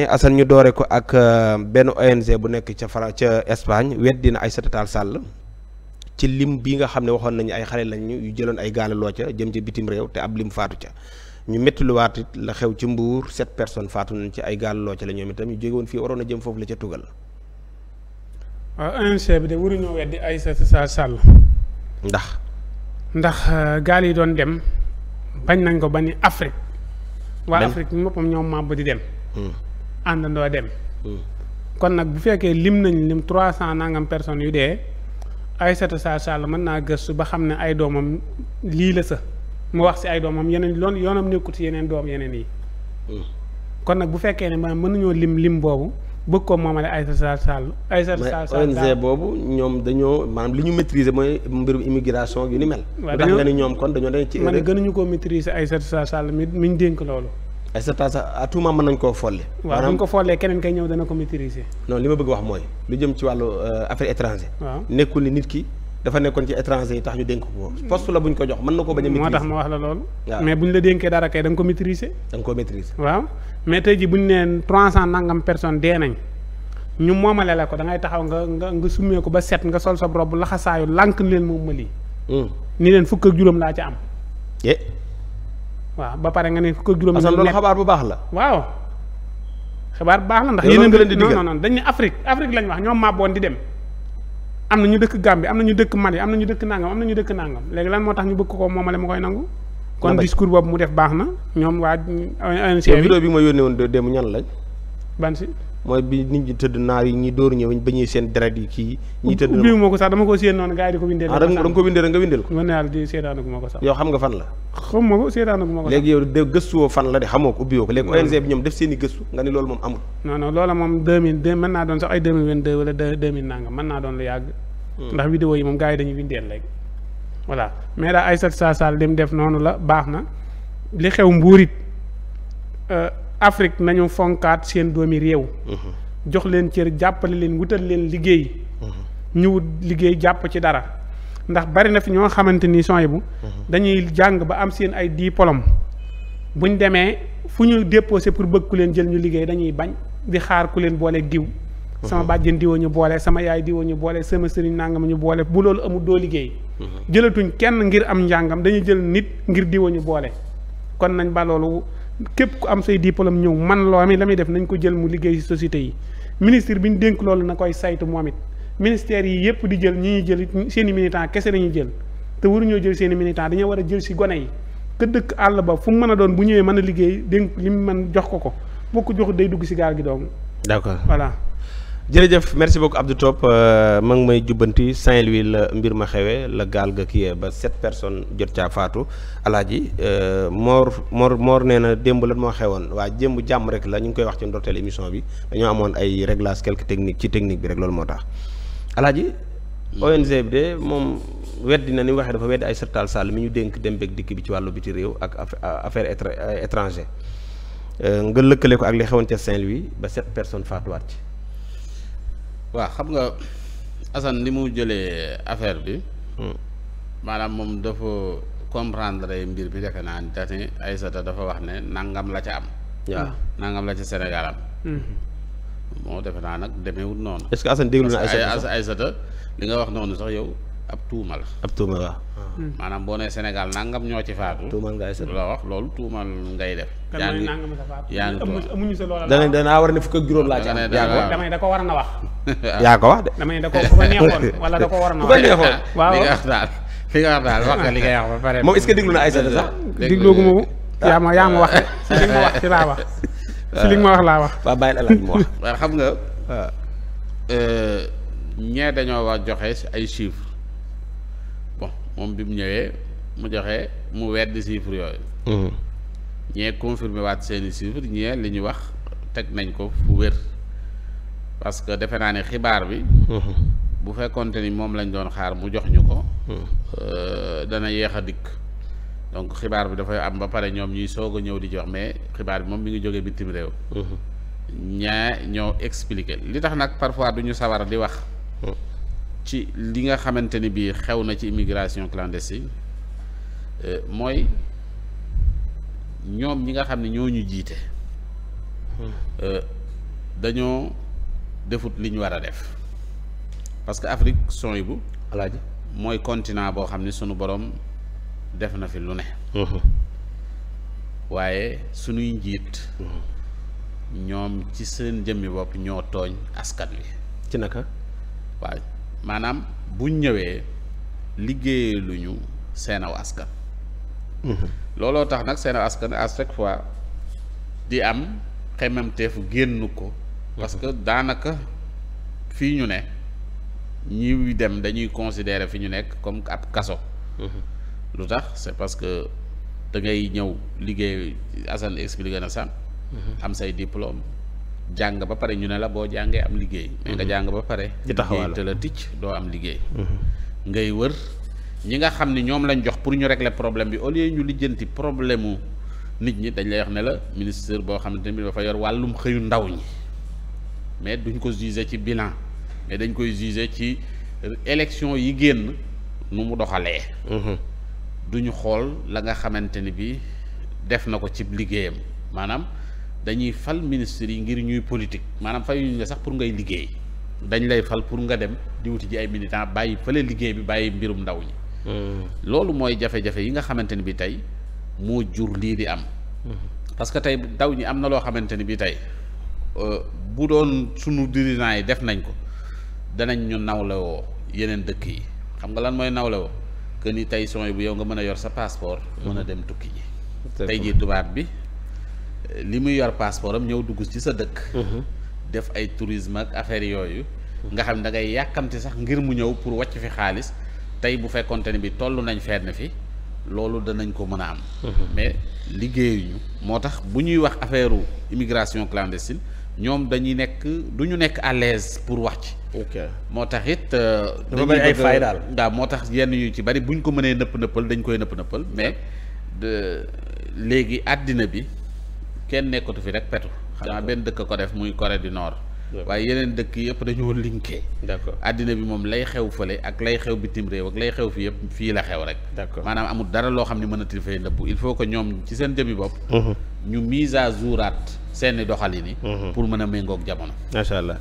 mais Assane ñu doore ko ak euh, benn ONG bu nekk ca Fara ca Espagne weddina Aïssata Tall Sall ci lim bi nga xam ne waxoon nañu ay xale lañu yu jëloon ay gaal loo ca jëm ca bitim réew te ab lim faatu ca ñu métti lu waat it la xew ci Mbuur sept personnes faatu nañ ci ay gaal loo ca la ñoom itam ñu jóge woon fii waroon a jëm foofu la ca tugal. bi de waruñoo weddi Aïssata Sall. ndax. ndax euh, gaal yi doon dem bañ nañ ko ba ni Afrique. waa Afrique bi ñoom ñoom ba di dem. Hmm. àndandoo dem. Hmm. kon nag bu fekkee lim nañ lim trois cent nangam personnes yu dee ay Sarr Sall mën naa gëstu ba xam ne ay doomam lii la sa mu wax si ay doomam yeneen loon yoonam nekkut si yeneen doom yeneen yi. Hmm. kon nag bu fekkee ne maanaam mën nañoo lim lim boobu bëgg ko moomale Aïssata Sarr Sall. Aïssata Sarr Sall ONG boobu ñoom dañoo maanaam li ñu maîtriser mooy mbirum immigration yu ni mel. waaw dañoo tax nga ni ñoom kon dañoo dañ ci. man gënuñu koo maîtriser Aïssata Sarr Sall mi mi dénk loolu. Aïssata sax à tout moment koo folle. waaw bu ñu ko follee keneen kay ñëw dana ko maîtriser. non li ma bëgg wax mooy lu jëm ci wàllu euh, affaire étranger. waaw nekkul ni nit ki dafa nekkoon ci étranger yi tax ñu dénk ko hmm. poste la bu ñu ko jox mën na ko bañ a. maîtriser moo tax ma wax la loolu. mais bu ñu la dénkee dara kay da ko maîtriser. da ko maîtriser. waaw mais tey jii bu ñu nee trois cent nangam personne dee nañ ñu moomale la ko da ngay taxaw nga nga nga summee ko ba set nga sol sa robe laxasaayu lànk leen moom ma hmm. ni leen fukk ak laa ca am. waaw ba pare nga ne fukk ak juróom yi loolu xabaar bu baax la waaw xabaar bu baax la ndax yeneen leen di digal non non dañ ne Afrique Afrique lañ wax ñoom màbboon di dem am na ñu dëkk Gambie am na ñu dëkk Mali am na ñu dëkk nangam am na ñu dëkk nangam léegi lan moo tax ñu bëgg ko moomale ma koy nangu kon discours boobu mu def baax na ñoom waa ONC bi vidéo bi ma yónnee woon démb ñan lañ ban si mooy bi nit ñi tëdd naar yi ñi dóor ñëw ba ñuy seen deret yi kii ñi tëdd biu moo ko sax dama ko séen noonu gars yi di ko bindee ah da nga ko bindee da nga bindeel ko mën naa di seetaanagu ma ko sax yow xam nga fan la xam ma ko seetaanagu ma ko léegi yow de gëstuwoo fan la de xamoo ko ubbiwoo ko léegi ONG bi ñoom def seen i gëstu nga ni loolu moom amul non non loola moom deux mille deux mën naa doon sax ay deux mille vingt deux wala deux mille nangam mën naa doon lu yàgg hmm. ndax vidéo yi moom gars yi dañuy bindeel léegi voilà mais daal Aïssata Tall Sall li mu def noonu la baax na li xew mbuurit euh, Afrique nañu fonkaat seen doomi réew. jox leen cër jàppale leen wutal leen liggéey. ñu wut liggéey jàpp ci dara ndax bari na fi ñoo xamante ni sony bu. dañuy jàng ba am seen ay diplôme buñ demee fu ñu se pour bëgg ku leen jël ñu liggéey dañuy bañ di xaar ku leen boole diw. sama bàjjen diwa ñu boole sama yaay diwa ñu boole sama sëriñ nangam ñu boole bu loolu amul doo liggéey. jëlatuñ kenn ngir am njàngam dañuy jël nit ngir diwo ñu boole kon nañ képp ku am say diplôme ñëw man loo amit la muy def nañ ko jël mu liggéey ci société yi ministre bi ñu dénk loolu na koy saytu moom it ministère yi yëpp di jël ñi ñuy jël seen i militant kese la ñuy jël te waruñoo jël seeni i militant dañoo war a jël ci gone yi te dëkk àll ba fu mu mën a doon bu ñëwee mën a liggéey dénk li mu mën jox ko ko boo ko jox day dugg ci gaal gi doom d'accord voilà jërëjëf merci beaucoup Abdou Top euh, ma ngi may jubbanti Saint-Louis la mbir ma xewee la gaal ga kiyee ba sept personnes jot caa faatu alaaji euh, Mor moor Mor nee na démb lan moo xewoon waa jëmb jàmm rek la ñu ngi koy wax ci ndorteel émission bi dañoo amoon ay réglage quelques technique ci technique bi rek loolu moo tax alaaji hmm. ONG bi de moom weddi na ni mu waxee dafa weddi ay sërtaal sàll mi ñu dénk dem beeg dikk bi ci wàllu bi biti réew ak affaire euh, étranger nga lëkkale ko ak li xewoon ca saint ba sept personnes faatuwaat ci waaw xam nga Assane li mu jëlee affaire bi. Hmm. maanaam moom dafa comprendre mbir bi defe naa ne Aïssata dafa wax ne nangam la ca am. waaw hmm. nangam la ca Sénégal am. Hmm. moo defe naa nag demeewul noonu. est-ce que Assane déglu na ay Aïssata li nga wax noonu sax yow ab tuuma la. ab tuuma la maanaam boo nee Sénégal nangam ñoo ci faatu. tuumal nga la wax loolu tuumal ngay def. yaa ngi yaa ngi amuñu sa loola. dana danaa war ne fukk ak juróom laa ci am. yaa ngi da ko war na wax. yaa ko wax de. dama da ko ku ko neexoon wala da ko waroon waaw li nga wax daal li nga wax daal pare. moom est-ce que déglu na Aïssata sax. déglu gu ma ko yaa ma yaa ma wax si li ma wax laa wax si li nga ma wax laa bàyyi la laaj mu wax. waaw xam nga. Euh, ñee dañoo wax joxe ay chiffres bon moom bi mu ñëwee mu joxe mu weddi chiffres yooyu. Mm-hmm. ñee confirmé waat seeni chiffres ñee li ñu wax teg nañ ko fu wér. parce que defe naa ne xibaar bi. Mhm. bu fekkonte ni moom lañ doon xaar mu jox ñu ko. Mhm. Euh, dana yéex a dikk donc xibaar bi dafay am ba pare ñoom ñuy soog a ñëw di jox mais xibaar bi moom mi ngi jógee bitim réew. Mhm. ñaa ñoo expliqué li tax nag parfois duñu ñu sawar di wax. ci li nga xamante ni bii xew na ci immigration clandestine euh, mooy ñoom ñi nga xam ne ñoo ñu jiite. Euh, dañoo. defut li ñu war a def parce que Afrique son bu alaaji mooy continent boo xam ne sunu borom def na fi lu ne mhm. waaye sunuy njiit mhm. ñoom ci seen jëmmi bopp ñoo tooñ askan wi ci naka waaw maanaam buñ ñëwee liggéeye lu ñu seenaw askan mhm. looloo tax nag seenaw askan à chaque fois di am xememteefu génn ko parce que daanaka fii ñu ne ñi dem dañuy considérer fi ñu nekk comme ab kaso mm-hmm. lu tax c'est parce que da ngay ñëw liggéey Assane expliqué na sax mm-hmm. am say diplôme jàng ba pare ñu ne la boo jàngee am liggéey mm-hmm. mais nga jàng ba pare liggéey te la ticc doo am liggéey ngay wër ñi nga xam ni ñoom lañ jox pour ñu régler problème bi au lieu ñu lijjanti problème mu nit ñi dañ lay wax ne la ministre boo xam ne tamit fa yor wàllum xëyu ndaw ñi mais duñ ko juger ci bilan mais dañ koy juger ci élection yi génn nu mu doxalee mhm. duñu xool la nga xamante ni bi def na ko ci liggéeyam maanaam dañuy fal ministre yi ngir ñuy politique maanaam fayuñu la sax pour ngay liggéey dañ lay fal pour nga dem di wuti ji ay militant bàyyi fële liggéey bi bàyyi mbirum ndaw ñi mhm. loolu mooy jafe-jafe yi nga xamante ni bi tey moo jur lii di am mhm. parce que tey ndaw ñi am na loo xamante ni bi tey euh, bu doon sunu dirigeants yi def nañ ko danañ ñu nawlewoo yeneen dëkk yi xam nga lan mooy nawlewoo que ni tey sooy bu yow nga mën a yor sa passeport. mën a mhm. dem tukki ji. tey jii tubaab bi li muy yor passeport am ñëw dugg ci sa dëkk. Mhm. def ay tourisme ak affaire yooyu. nga xam da ngay yàkkamti sax ngir mu ñëw pour wàcc fi xaalis tey bu fekkonte ne bi toll nañ fenn fi loolu danañ ko mën a am. Mhm. mais liggéeyuñu moo tax bu ñuy wax affaire immigration clandestine. ñoom dañuy nekk du ñu nekk à l'aise pour wax ci. ok moo tax it. Euh, dafa bari ay fay daal waaw moo tax yenn yu ci bari bu ñu ko mënee nëpp nëppal dañ koy nëpp nëppal mais léegi àddina bi kenn nekkatu fi rek petu. xanaa benn dëkk ko def muy Corée du Nord. waaye yeneen dëkk yëpp dañoo linké. d'accord àddina bi moom lay xew fële ak lay xew bitim réew ak lay xew fi yëpp fii la xew rek. d'accord maanaam amul dara loo xam ne mën a tilifay il faut que ñoom ci seen jëmmi bopp. Mhm. ñu mise à seeni doxalin mhm. pour mën a méngoog jamono. macha allah.